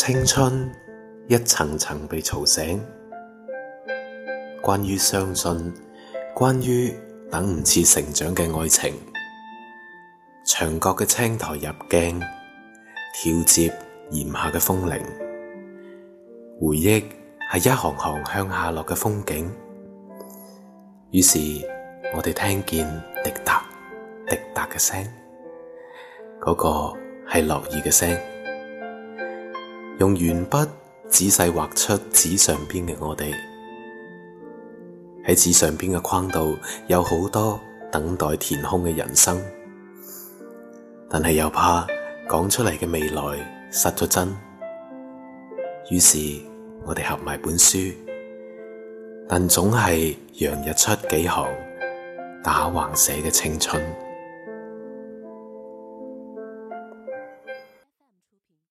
青春一層層被嘈醒，關於相信，關於等唔切成長嘅愛情。牆角嘅青苔入鏡，跳接檐下嘅風鈴。回憶係一行行向下落嘅風景，於是我哋聽見滴答滴答嘅聲，嗰、那個係落雨嘅聲。用鉛筆仔細畫出紙上邊嘅我哋，喺紙上邊嘅框度有好多等待填空嘅人生，但係又怕講出嚟嘅未來失咗真，於是我哋合埋本書，但總係洋溢出幾行打橫寫嘅青春。